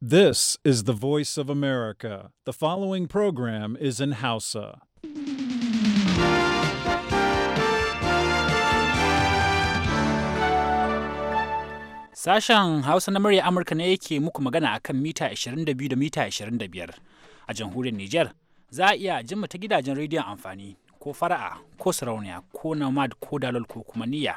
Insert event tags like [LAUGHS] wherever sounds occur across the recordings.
This is the voice of America. The following program is in Hausa. Sashen Hausa na murya Amurka ne yake muku magana akan mita 22 da mita 25 a jamhuriyar Nijar. Za a iya jin ta gidajen rediyon amfani ko fara'a ko sarauniya ko namad ko dalol ko kuma niyya.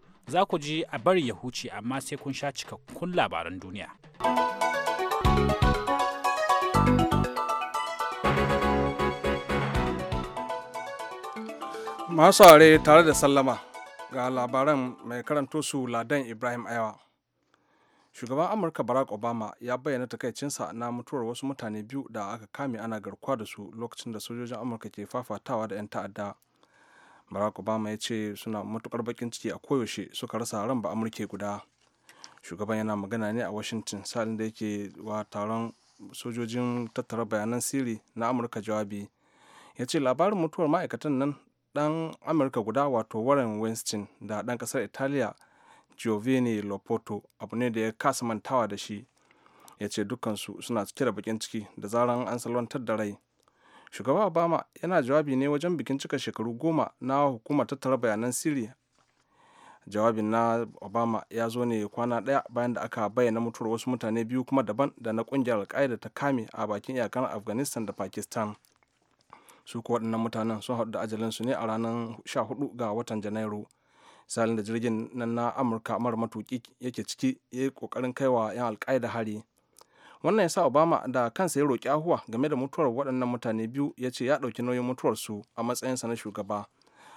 za ku ji a bari ya huce amma sai kun sha cikakkun labaran duniya. Masu are tare da sallama ga labaran mai karanto su Ladan Ibrahim Ayawa. Shugaban Amurka Barack Obama ya bayyana takaicinsa na mutuwar wasu mutane biyu da aka kame ana garkuwa da su lokacin da sojojin Amurka ke fafatawa da 'yan ta'adda. barack obama ya ce suna matukar bakin ciki a koyaushe suka rasa ran ba amurke guda shugaban yana magana ne a washington salin da yake wa taron sojojin tattara bayanan siri na amurka jawabi ya ce labarin mutuwar ma'aikatan nan dan amurka guda wato warren winston da dan kasar italiya giovanni lopoto abu ne da ya kasa mantawa da shi ya ce dukkansu suna cike da bakin ciki da zaran an salwantar da rai shugaba obama yana jawabi ne wajen bikin cika shekaru goma na hukumar tattara bayanan siri jawabin na obama ya zo ne kwana ɗaya bayan da aka bayyana mutuwar wasu mutane biyu kuma daban da na kungiyar alkaida ta kame a bakin iyakar afghanistan da pakistan su kuwa waɗannan mutanen sun haɗu da ajalinsu ne a ranar 14 ga watan janairu salin da jirgin nan na amurka mara matuki yake ciki ya yi kokarin kaiwa yan alkaida hari wannan ya sa obama da kansa ya roƙi ahuwa game da mutuwar waɗannan mutane biyu ya ce ya ɗauki nauyin mutuwarsu a matsayinsa na shugaba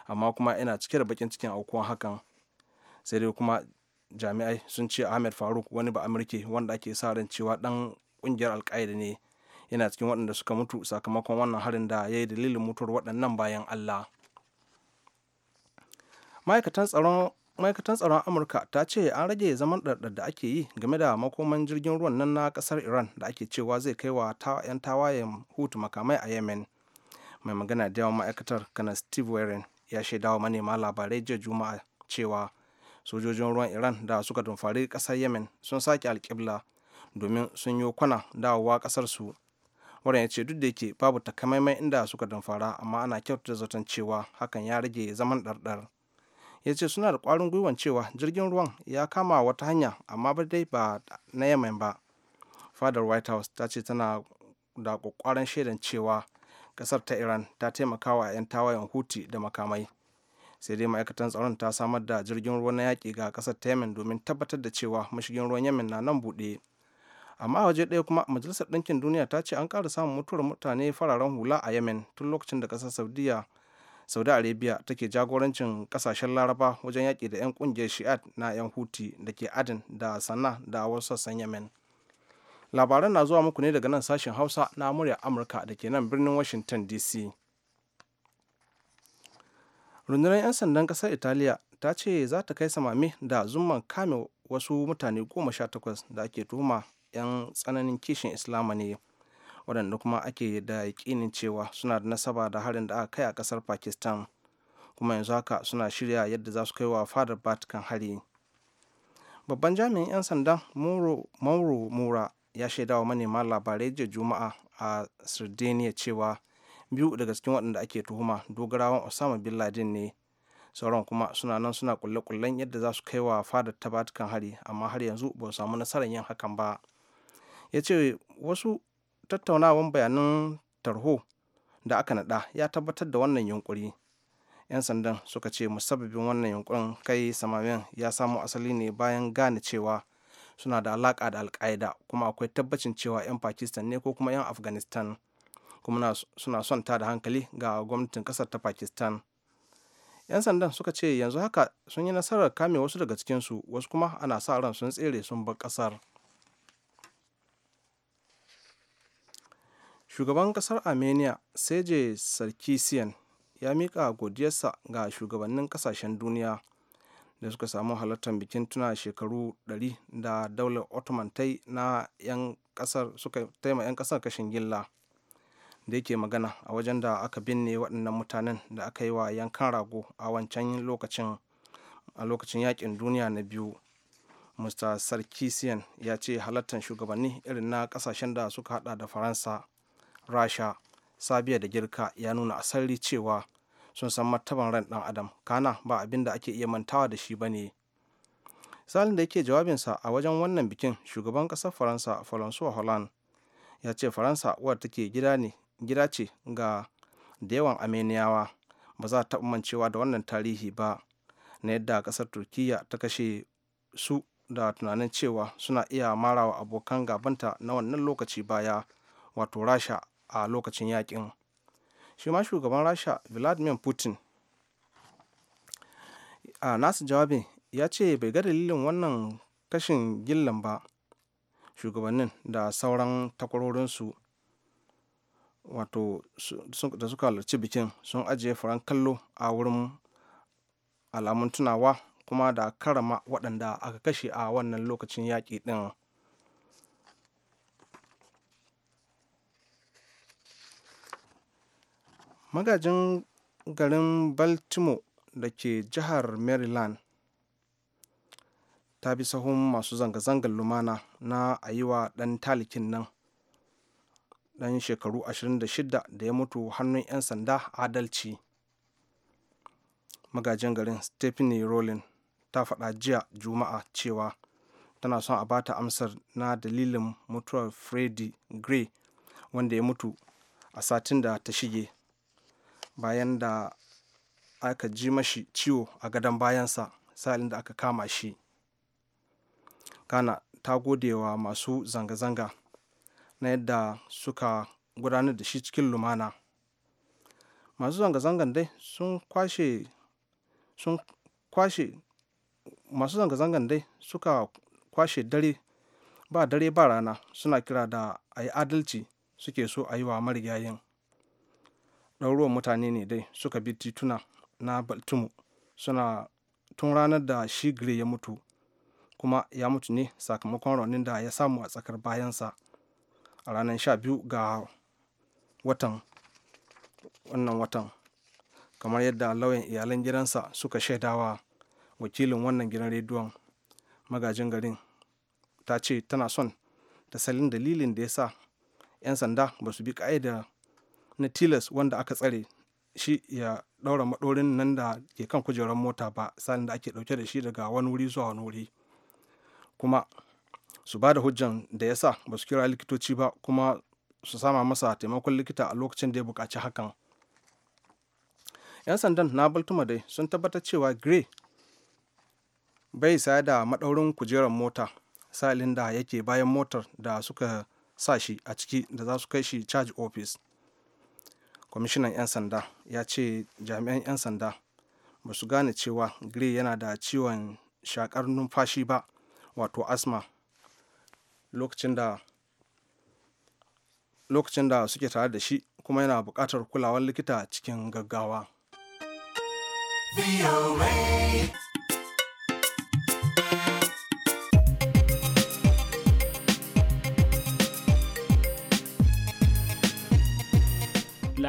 amma kuma yana cike da bakin cikin aukuwan hakan sai dai kuma jami'ai sun ce ahmed faruk wani ba amurke wanda ake sa ran cewa ɗan ƙungiyar alƙaida ne yana cikin waɗanda suka mutu sakamakon wannan harin da ya yi dalilin mutuwar waɗannan bayan allah ma'aikatan tsaron ma'aikatan tsaron amurka ta ce an rage zaman ɗarɗar da ake yi game da makoman jirgin ruwan nan na ƙasar iran da ake cewa zai kai wa 'yan tawayen hutu makamai a yemen mai magana da yawan ma'aikatar kana steve warren ya shaidawa manema labarai jiya juma'a cewa sojojin ruwan iran da suka dumfari ƙasar yemen sun sake alƙibla domin sun yi kwana dawowa ƙasar su warren ya ce duk da yake babu takamaiman inda suka dumfara amma ana kyautata zaton cewa hakan ya rage zaman ɗarɗar ya ce suna da kwarin gwiwan cewa jirgin ruwan ya kama wata hanya amma ba dai ba na yemen ba fadar white house ta ce tana da kwakwaran shaidan cewa kasar ta iran ta taimaka wa 'yan tawayen huti da makamai sai dai ma'aikatan tsaron ta samar da jirgin ruwan na yaƙi ga kasar ta yemen domin tabbatar da cewa mashigin ruwan yemen na nan buɗe amma a waje ɗaya kuma majalisar ɗinkin duniya ta ce an ƙara samun mutuwar mutane fararen hula a yemen tun lokacin da ƙasar saudiya saudi arabia take jagorancin kasashen laraba wajen yaƙi da 'yan ƙungiyar shi'ad na 'yan huti da ke adin da sana da wasu sassan yemen labaran na zuwa muku ne daga nan sashen hausa na murya amurka da ke nan birnin washington dc rundunar 'yan sandan ƙasar italiya ta ce za ta kai samame da zumman kame wasu mutane goma sha takwas da ake tuhuma 'yan tsananin kishin islama ne waɗanda kuma ake da yakinin cewa suna da nasaba da harin da aka kai a ƙasar pakistan kuma yanzu haka suna shirya yadda za su kai wa fadar batikan hari babban jami'in 'yan sandan mauro mura ya shaida wa manema labarai jiya juma'a a sardinia cewa biyu daga cikin waɗanda ake tuhuma dogarawan osama bin laden ne sauran kuma suna nan suna kulle-kullen yadda za su kai wa fadar ta batikan hari amma har yanzu ba su samu nasarar yin hakan ba ya ce wasu tattaunawan bayanan tarho da aka naɗa ya tabbatar da wannan yunkuri 'yan sandan suka ce musabbabin wannan yunkurin kai samamin ya samu asali ne bayan gane cewa suna da alaka da alkaida kuma akwai tabbacin cewa 'yan pakistan ne ko kuma 'yan afghanistan kuma suna son ta da hankali ga gwamnatin ƙasar ta pakistan 'yan sandan suka ce yanzu haka sun yi nasarar kame wasu daga cikinsu wasu kuma ana sa ran sun tsere sun bar ƙasar. shugaban kasar armenia sergei sarkisian ya miƙa godiyarsa ga shugabannin kasashen duniya da suka samu halartar bikin tuna shekaru 100 da daular ottoman ta na 'yan suka taima 'yan kasar kashin gilla da yake magana a wajen da aka binne waɗannan mutanen da aka yi wa yankan rago a wancan lokacin a lokacin yakin duniya na biyu mr sarkisian ya ce halartar shugabanni irin na kasashen da suka hada da faransa rasha sabiya da girka ya nuna asali cewa sun san martaban ran dan adam kana ba abin da ake iya mantawa da shi ba ne salin da yake jawabinsa a wajen wannan bikin shugaban ƙasar faransa faransuwa holland ya ce faransa wadda take gida ne ce ga da yawan ameniyawa ba za ta mancewa da wannan tarihi ba na yadda ƙasar turkiyya ta kashe su da tunanin cewa suna iya marawa abokan gabanta na wannan lokaci baya wato rasha a lokacin yakin shi ma shugaban rasha vladimir putin a nasu jawabin ya ce bai ga dalilin wannan kashin gillan ba shugabannin da sauran takwarorinsu wato da suka halarci bikin sun ajiye furan kallo a wurin alamun tunawa kuma da karama waɗanda aka kashe a wannan lokacin yaƙi ɗin magajin garin baltimore da ke jihar maryland ta bi sahun masu zanga-zangar lumana na a yi wa ɗan talikin nan ɗan shekaru 26 da ya mutu hannun 'yan sanda adalci magajin garin stephanie rowling ta faɗa jiya juma'a cewa tana son a bata amsar na dalilin mutuwar freddie gray wanda ya mutu a satin da ta shige bayan da aka ji mashi ciwo a gadon bayansa sa'ilin da aka kama shi kana ta gode wa masu zanga-zanga na yadda suka gudanar da shi cikin lumana masu zanga-zangan dai sun kwashe sun kwashe masu zanga-zangan dai suka kwashe dare ba dare ba rana suna kira da a yi adalci suke so a yi wa marigayin ɗaruruwan mutane ne dai suka bi tituna na baltimore suna tun ranar da shi gray ya mutu kuma ya mutu ne sakamakon raunin da ya samu a tsakar bayansa a ranar biyu ga watan wannan watan kamar yadda lauyan iyalan gidansa suka shaidawa wakilin wannan gidan rediyon magajin garin ta ce tana son ta salin dalilin da ya sa 'yan sanda ba su bi ka'ida na tilas wanda aka tsare shi ya ɗaura maɗorin nan da ke kan kujerar mota ba salin da ake ɗauke da shi daga wani wuri zuwa wani wuri kuma su ba da hujjan da ya sa ba su kira likitoci ba kuma su sama masa taimakon likita a lokacin da ya buƙaci hakan 'yan sandan na baltuma dai sun tabbatar cewa gray bai saya da maɗaurin kujerar mota salin da yake bayan motar da suka sa shi a ciki da za su kai shi charge office kwamishinan 'yan sanda ya ce jami'an 'yan sanda ba su gane cewa gray yana da ciwon shakar numfashi ba wato asma lokacin da lokacin da suke tare da shi kuma yana bukatar kulawar likita cikin gaggawa.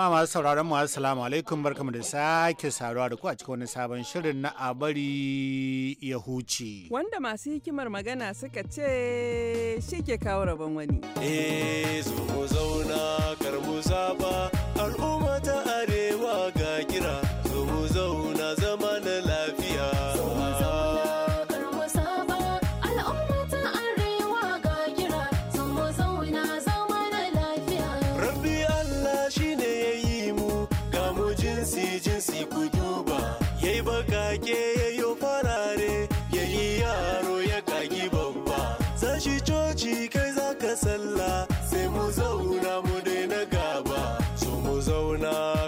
Jama'a masu sauraron mu assalamu alaikum barkamu da sake saruwa da ku a cikin wani sabon shirin na abari ya huce. Wanda masu hikimar magana suka ce shi ke kawo rabon wani. Eh zo zauna karmu saba al'umma ta arewa ga kira.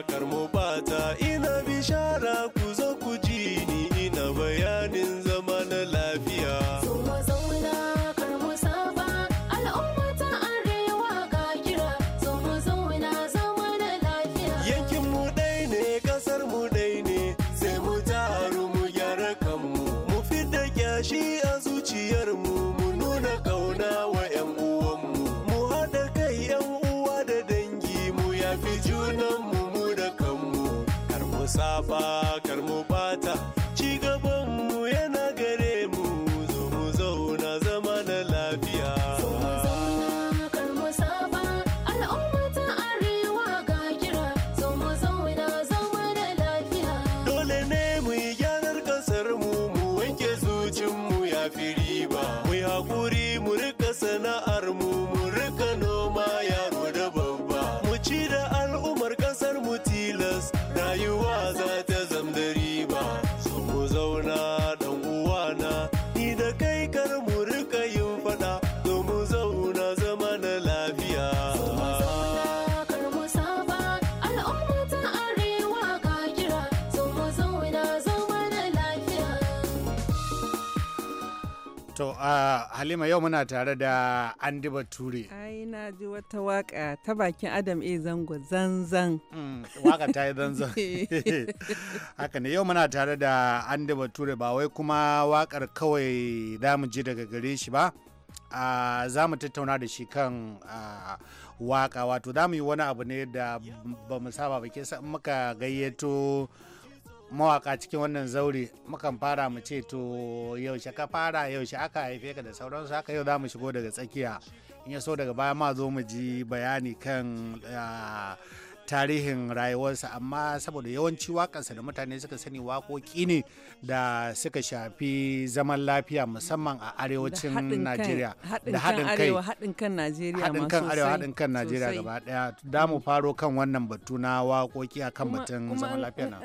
kar mu bata ina bishara ku To Halima yau muna tare da Andi Bature. Ai na ji wata waka ta bakin Adam A zango zanzan. Mm, waka ta yi zanzan. [LAUGHS] Haka ne yau muna tare da Andi Bature ba wai kuma wakar kawai za mu ji daga gare shi ba. Uh, za mu tattauna da shi kan uh, waka wato za yi wani abu ne da ba mu saba ba ke muka gayyato mawaka cikin wannan zaure mukan fara mu ce to yaushe ka fara yaushe aka haife ka da sauransu haka yau za mu shigo daga tsakiya in ya so daga baya ma zo mu ji bayani kan ah, tarihin rayuwarsa amma saboda yawanci wakansa da mutane suka sani waƙoƙi ne da suka shafi zaman lafiya musamman a arewacin najeriya da haɗin kai haɗin kan najeriya haɗin kan arewa haɗin kan najeriya gaba ɗaya da mu mm. faro kan wannan batu na waƙoƙi a kan batun zaman lafiya na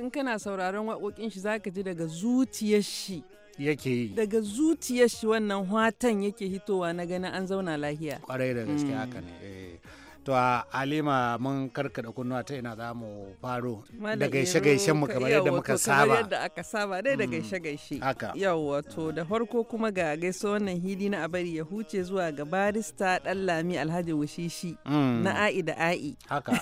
in kana sauraron waƙoƙin shi zaka ji daga zuciyar shi yake yi daga zuciyar shi wannan watan yake hitowa na gani an zauna lahiya kwarai da gaske mm. haka ne eh. to a halima mun karkada kunnuwa ta ina za mu faro da gaishe gaishen mu kamar yadda muka saba kamar yadda aka saba dai da gaishe gaishe haka to da farko kuma ga gaiso wannan hidi na abari ya huce zuwa ga barista dan lami alhaji wushishi mm. na a'i da a'i haka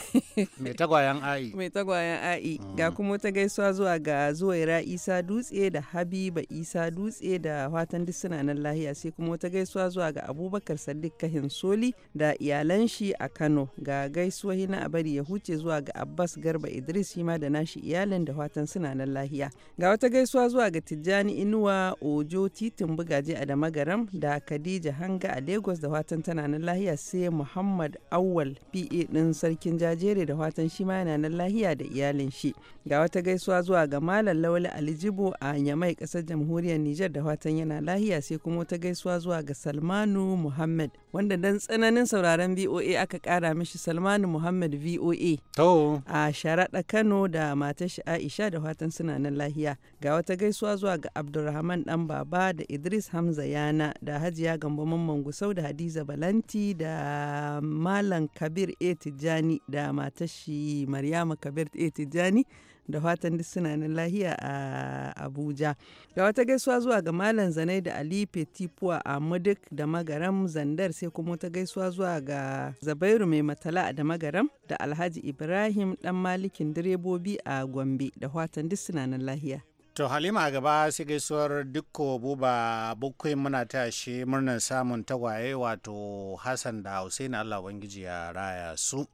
[LAUGHS] mai tagwayen a'i mai tagwayen a'i mm. ga kuma ta gaisuwa zuwa ga zuwaira isa dutse da habiba isa dutse da fatan duk suna nan lahiya sai kuma ta gaisuwa zuwa ga abubakar sadiq kahin soli da iyalan shi a kano Kano ga gaisuwa na abari ya huce zuwa ga Abbas Garba Idris shi ma da nashi iyalin da watan suna nan lahiya. Ga wata gaisuwa zuwa ga Tijjani Inuwa Ojo Titin Bugaje a Damagaram da Khadija Hanga a Lagos da watan tana nan lahiya sai Muhammad Awwal PA din Sarkin Jajere da watan shi ma yana nan lahiya da iyalin shi. Ga wata gaisuwa zuwa ga Malam Lawali Alijibo a Yamai kasar Jamhuriyar Nijar da watan yana lahiya sai kuma wata gaisuwa zuwa ga Salmanu Muhammad wanda dan tsananin sauraron boa aka kara haɗa mishi Salmanu Muhammad VOA. Oh. A sharaɗa Kano da matar shi Aisha da fatan suna nan lahiya. Ga wata gaisuwa zuwa ga Abdulrahman ɗan baba da Idris Hamza Yana da Hajiya Gambo Mamman Gusau da Hadiza Balanti da Malam Kabir A Tijjani da matar shi Maryama Kabir A Tijjani. da fatan duk suna nan lahiya a Abuja. Ga wata gaisuwa zuwa ga Malam Zanai da Ali Petipuwa a Muduk da Magaram Zandar sai kuma wata gaisuwa zuwa ga Zabairu mai matala da Magaram da Alhaji Ibrahim dan malikin direbobi a Gombe da fatan duk suna nan lahiya. To Halima gaba sai gaisuwar dukko buba bukwai muna ta murnar samun tagwaye wato Hassan da Hussein Allah Ubangiji ya raya su.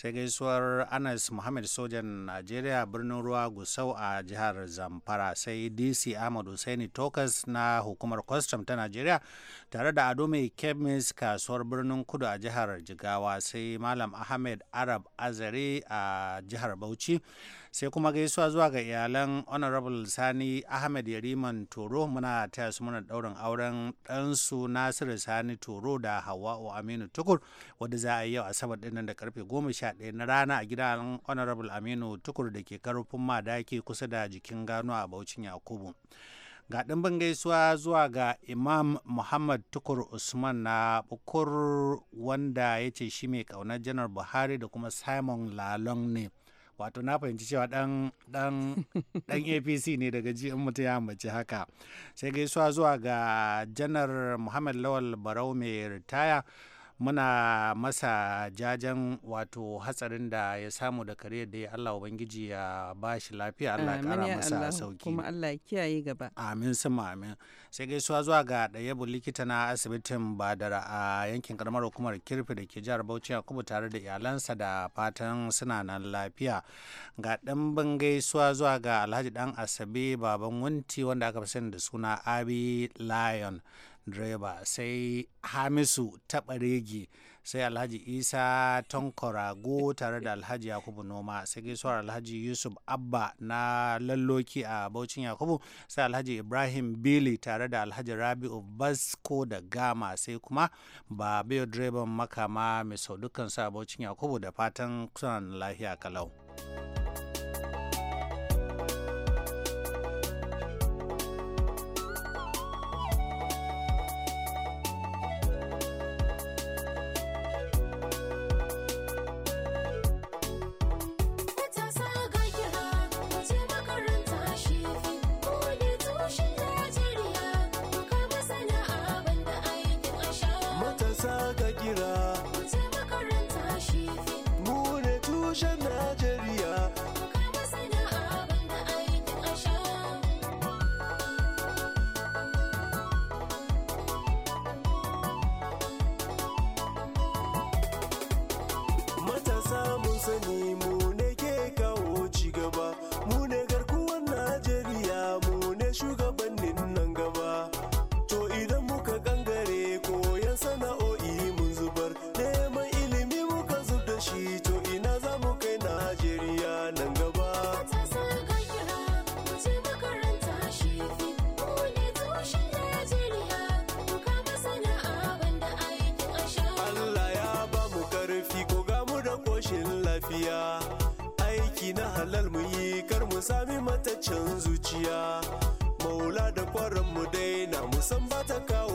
sai gaisuwar anas muhammad sojan najeriya birnin ruwa gusau a jihar zamfara sai dc ahmad husaini tokas na hukumar kwastam ta najeriya tare da ado mai kemis kasuwar birnin kudu a jihar jigawa sai malam ahmed arab azari a jihar bauchi sai kuma gaisuwa zuwa ga iyalan honorable sani ahmed yariman toro muna taya su muna daurin auren ɗansu nasiru sani toro da hawa'u aminu tukur wadda za a yi yau asabar dinnan da karfe goma sha ɗaya na rana a gidan honorable aminu tukur da ke karfin madaki kusa da jikin gano a baucin yakubu ga ɗimbin gaisuwa zuwa ga imam muhammad tukur usman na bukur wanda ya ce shi mai ƙaunar janar buhari da kuma simon lalong ne wato na fahimci cewa dan [LAUGHS] apc ne daga ji in mutum ya mace haka sai gaisuwa zuwa ga janar muhammad lawal barau mai ritaya muna masa jajen wato hatsarin da ya samu da kare da ya Allah Ubangiji ya ba shi lafiya Allah ya kara masa sauki. Kuma Allah ya kiyaye gaba. Amin sama amin. Sai gaisuwa zuwa ga ɗayabu likita na asibitin Badara a yankin karamar hukumar Kirfi da ke jihar Bauchi Yakubu tare da iyalansa da fatan suna nan lafiya. Ga ɗan gaisuwa zuwa ga Alhaji Dan Asabe Baban Wunti wanda aka fi sani da suna Abi Lion. direba sai hamisu taɓarege sai alhaji isa tonkoragu tare da alhaji yakubu noma sai gaisuwar alhaji yusuf abba na lalloki a baucin yakubu sai alhaji ibrahim bili tare da alhaji rabi'u basko da gama sai kuma ba biyo direban makama mai sau dukkan a baucin yakubu da fatan suna lafiya kalau. zuciya maula da kwaran mu daina musamman ba ta kawo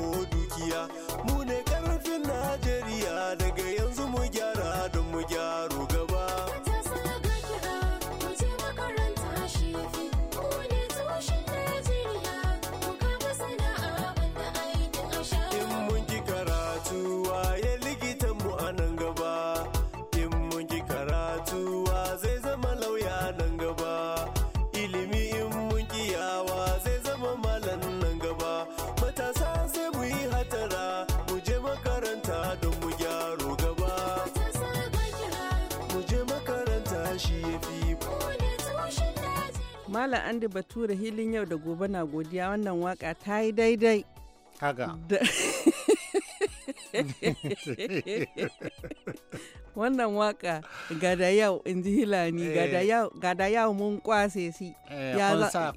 Malam Andy Bature hilin yau da gobe na godiya wannan waka ta yi daidai. Kaga. [LAUGHS] Wannan waka gada yau in ji hilani gada eh. yau mun kwase si.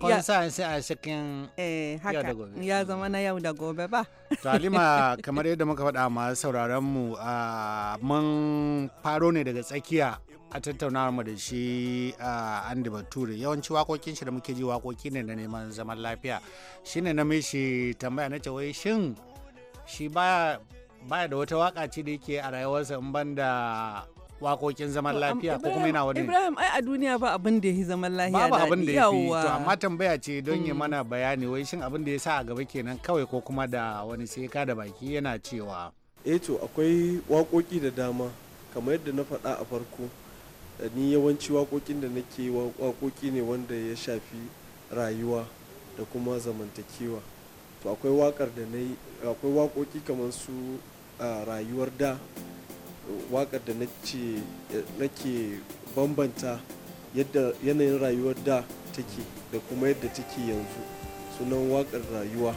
Kwansa sai a cikin eh, yau da gobe. Ya zama na yau da gobe ba. Talima kamar yadda muka faɗa masu sauraron mu ah, mun faro ne daga tsakiya a tattauna mu da shi a Andy Bature yawanci wakokin shi da muke ji wakoki ne na neman zaman lafiya shine na mishi tambaya na wai shin shi baya da wata waka ce da yake a rayuwarsa in ban da wakokin zaman lafiya ko kuma yana wani Ibrahim ai a duniya ba abin da ya zaman lafiya babu abin da ya fi to amma tambaya ce don ya hmm. mana bayani wai shin abin da ya sa a gaba kenan kawai ko kuma da wani sai ka da baki yana cewa eh to akwai wakoki da dama kamar yadda na faɗa a farko ni yawanci waƙoƙin da nake waƙoƙi ne wanda ya shafi rayuwa da kuma zamantakewa to akwai waƙar da na akwai waƙoƙi kamar su rayuwar da waƙar da nake bambanta yadda yanayin rayuwar da take da kuma yadda take yanzu sunan waƙar rayuwa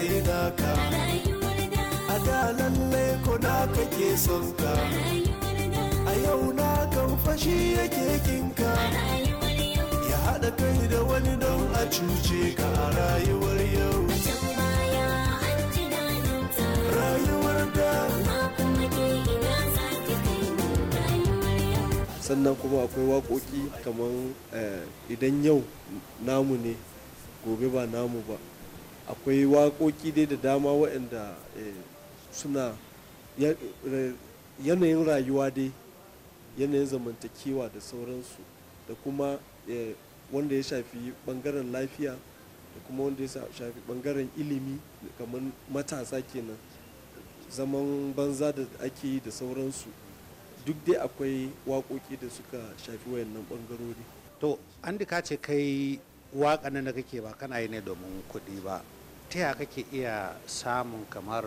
sai naka a da lalle ko na kake son ka a yau na kan fashi yake kinka ya haɗa kai da wani don a cuce ka a rayuwar yau rayuwar sannan kuma akwai waƙoƙi kamar eh, idan yau namu ne gobe ba namu ba akwai waƙoƙi dai da dama waɗanda eh, suna eh, yanayin rayuwa dai yanayin zamantakewa da sauransu da kuma eh, wanda ya shafi ɓangaren lafiya da kuma wanda ya shafi ɓangaren ilimi kamar matasa kenan zaman banza da ake yi da sauransu duk dai akwai waƙoƙi da suka shafi wayannan ɓangarori to an ka ce kai Waka nan da kake ba kana yi ne domin kuɗi ba ta ya kake iya samun kamar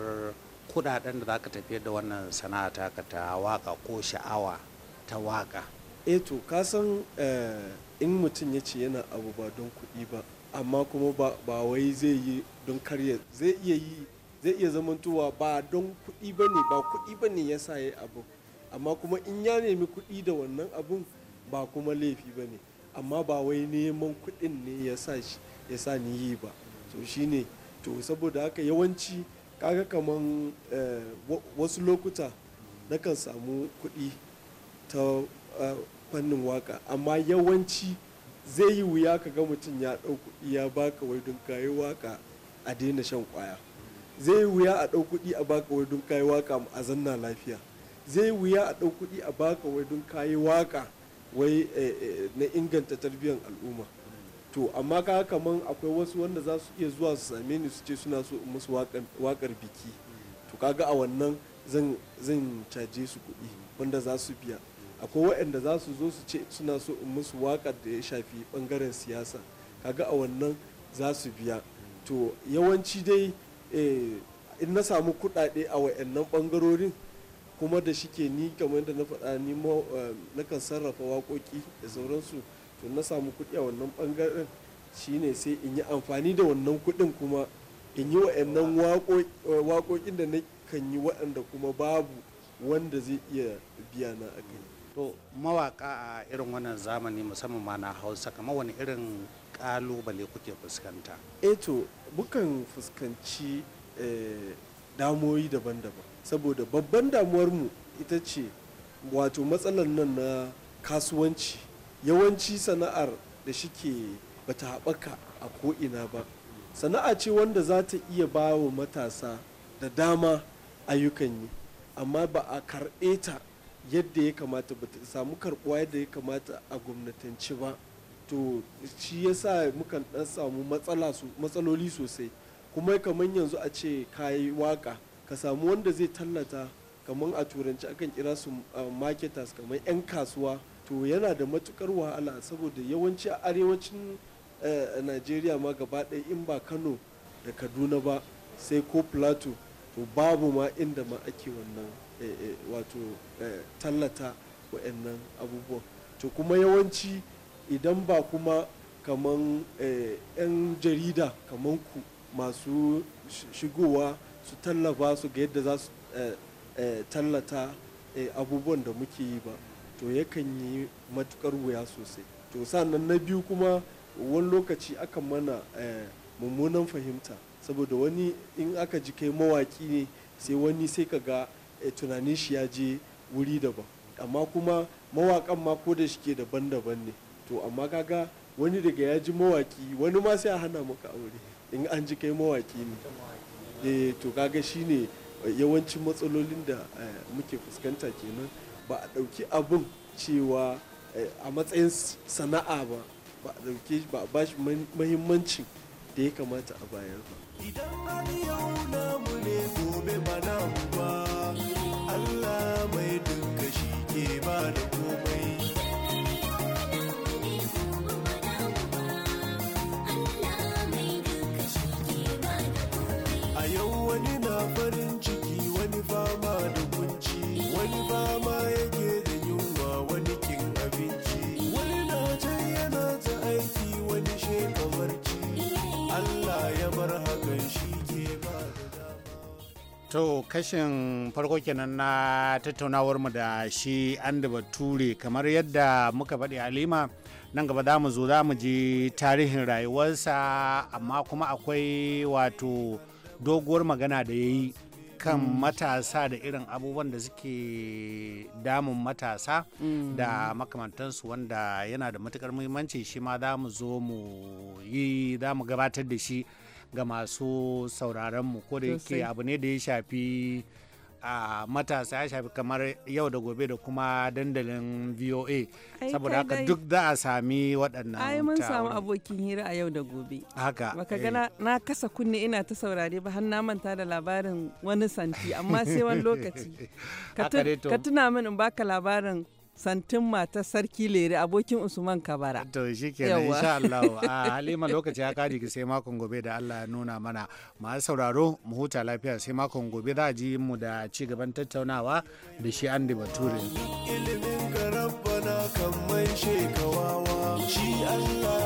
kuɗaɗen da za ka tafiyar da wannan sana'a ta ka ta waka ko sha'awa ta waka. eh to ka san eh, in mutum ya ce yana abu ba don kuɗi ba amma kuma ba wai zai yi don karya zai iya yi zai iya zamantowa ba don kuɗi ba ne ba kuɗi ba ne ya sa ya abu amma kuma in ya nemi kuɗi da wannan abun ba kuma laifi ba ne amma ba wai neman kuɗin ne ya sa ya sa ni yi ba to shine to saboda haka yawanci kaga kaman eh, wasu lokuta na kan samu kuɗi ta eh, fannin waka amma yawanci zai yi wuya ka ga mutum ya ɗau kuɗi ya baka wai don kayi waka a daina shan kwaya zai yi wuya a ɗau kuɗi a baka wai don kayi waka a zanna lafiya zai yi wuya a ɗau kuɗi a baka wai don kayi waka wai eh, eh, na inganta tarbiyyar al'umma to amma ka kaman akwai wasu wanda za su iya zuwa su same ni su ce suna so in musu wakar biki to kaga a wannan zan caje su kuɗi wanda za su biya akwai waɗanda za su zo su ce suna so in musu wakar da ya shafi bangaren siyasa kaga a wannan za su biya to yawanci dai eh, in na samu kuɗaɗe a waɗannan bangarorin kuma da shike ni kamar da na faɗa ni eh, na kan sarrafa waƙoƙi da sauransu to na samu kuɗi a wannan ɓangaren shine sai in yi amfani da wannan kuɗin kuma in yi wa'annan eh, waƙoƙin da na kan yi waɗanda kuma babu wanda zai iya biya na a kai to mawaƙa a irin wannan zamani musamman ma na hausa kamar wani irin ƙalubale kuke fuskanta eh to mukan fuskanci eh, damoyi daban-daban saboda babban mu ita ce wato matsalar nan na kasuwanci yawanci sana'ar da shi shike bata haɓaka a ko'ina ba sana'a ce wanda za ta iya ba wa matasa da dama ayyukan yi amma ba a karɓe ta yadda ya kamata ba ta samu karɓuwa yadda ya kamata a gwamnatance ba to shi yasa mukan ɗan samu matsaloli sosai kuma kamar yanzu a ce kayi waka ka samu wanda zai tallata kamar a turanci akan kira su ah, marketers kamar 'yan kasuwa to yana da matukar wahala saboda yawanci a arewacin eh, najeriya ma gaba ɗaya in ba kano da kaduna ba sai ko plateau to babu ma inda ma ake wannan eh, eh, wato tallata wa'annan abubuwa to kuma yawanci idan ba kuma kamar 'yan jarida kamar ku masu shigowa su tallafa su ga yadda za su eh, eh, tallata eh, abubuwan da muke yi ba to yakan yi matukar wuya sosai to sannan na biyu kuma wani lokaci aka mana mummunan fahimta saboda wani in aka ji kai mawaki ne sai wani sai ka ga tunanin shi ya je wuri daban amma kuma mawakan ma ko da shike daban-daban ne to amma kaga wani daga ya ji mawaki wani ma sai a hana maka aure in an ji kai mawaki ne eh to kaga shine eh, yawancin matsalolin da eh, muke fuskanta kenan ba a ɗauki abun cewa eh, a matsayin sana'a ba ba a ɗauke ba a bashi mahimmancin da ya kamata a bayar ba. Idan yau namu ne gobe ba ba, Allah mai dinka shi ke ba da To kashin farko kenan na tattaunawarmu da shi an da bature kamar yadda muka faɗi halima nan gaba za mu zo za mu ji tarihin rayuwarsa amma kuma akwai wato doguwar magana da ya yi kan mm. matasa da irin abubuwan da suke damun matasa mm. da makamantansu wanda yana da matukar muhimmanci shi ma za mu zo mu yi za mu gabatar da shi. ga masu sauraronmu ko da yake abu ne da ya shafi a matasa ya shafi kamar yau da gobe da kuma dandalin voa saboda haka duk za a sami waɗannan ai mun samu abokin hira a yau da gobe haka baka gana eh. na kasa kunne ina ta saurare ba har na manta da labarin wani santi amma sai wani lokaci [LAUGHS] ka tuna min in baka labarin santin mata sarki lere abokin usman kabara to shi ke insha Allah [LAUGHS] a ah, halima lokaci ya kare ki sai makon gobe da Allah ya nuna mana masu sauraro mu huta lafiya sai makon gobe za a ji mu da ci gaban tattaunawa da shi Andy Bature ilimin ka rabbana kan Allah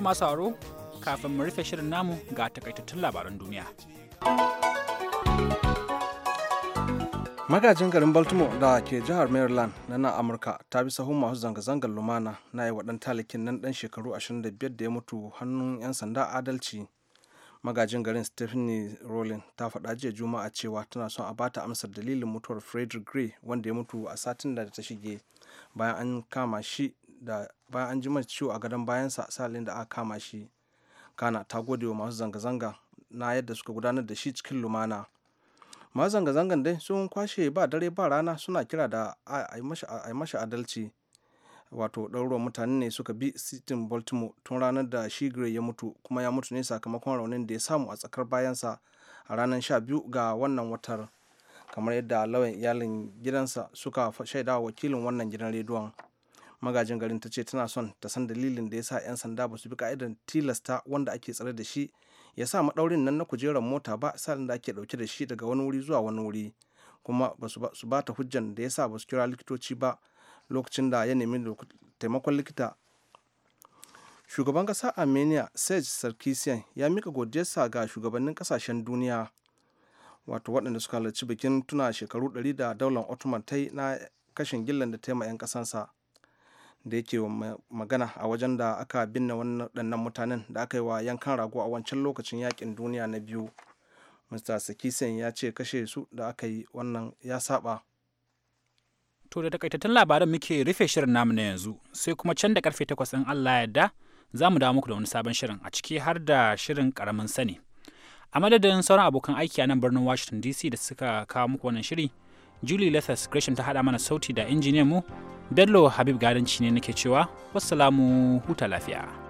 To masu sauraro kafin mu rufe shirin namu ga takaitattun labaran duniya. magajin garin baltimore da ke jihar maryland na na amurka ta bi sahun masu zanga-zangar lumana na yi waɗan talikin nan ɗan shekaru 25 da ya mutu hannun 'yan sanda adalci magajin garin stephanie rowling ta faɗa jiya juma'a cewa tana son a bata amsar dalilin mutuwar frederick gray wanda ya mutu a satin da ta shige bayan an kama shi da bayan an ji ciwo a gadon bayansa salin da aka kama shi kana ta gode wa masu zanga-zanga na yadda suka gudanar da shi cikin lumana masu zanga-zangan dai sun kwashe ba dare ba rana suna kira da a yi mashi adalci wato ɗaruruwan mutane ne suka bi sitin baltimore tun ranar da shi ya mutu kuma ya mutu ne sakamakon raunin da ya samu a tsakar bayansa a ranar sha biyu ga wannan watar kamar yadda lauyan iyalin gidansa suka shaida wakilin wannan gidan rediyon magajin garin ta ce tana son ta san dalilin da ya sa 'yan sanda ba su bi ka'idar tilasta wanda ake tsare da shi ya sa maɗaurin nan na kujerar mota ba salin da ake ɗauke da shi daga wani wuri zuwa wani wuri kuma ba su ba ta hujjan da ya sa ba su kira likitoci ba lokacin da ya nemi taimakon likita shugaban ƙasa armenia serge sarkisian ya mika godiyarsa ga shugabannin ƙasashen duniya wato waɗanda suka halarci bikin tuna shekaru 100 da daular ottoman ta yi na kashin gillan da ta yi 'yan ƙasansa da yake magana a wajen da aka binne waɗannan mutanen da aka yi wa yankan rago a wancan lokacin yakin duniya na biyu mr sakisen ya ce kashe su da aka yi wannan ya saba to da takaitattun labaran muke rufe shirin namu na yanzu sai kuma can da karfe takwas in allah yadda za mu dawo muku da wani sabon shirin a ciki har da shirin karamin sani a madadin sauran abokan aiki a nan birnin washington dc da suka kawo muku wannan shiri Julie Lethas Gresham ta haɗa mana sauti da injiniyan mu, Bello Habib Gadanci ne nake cewa, wassalamu huta lafiya.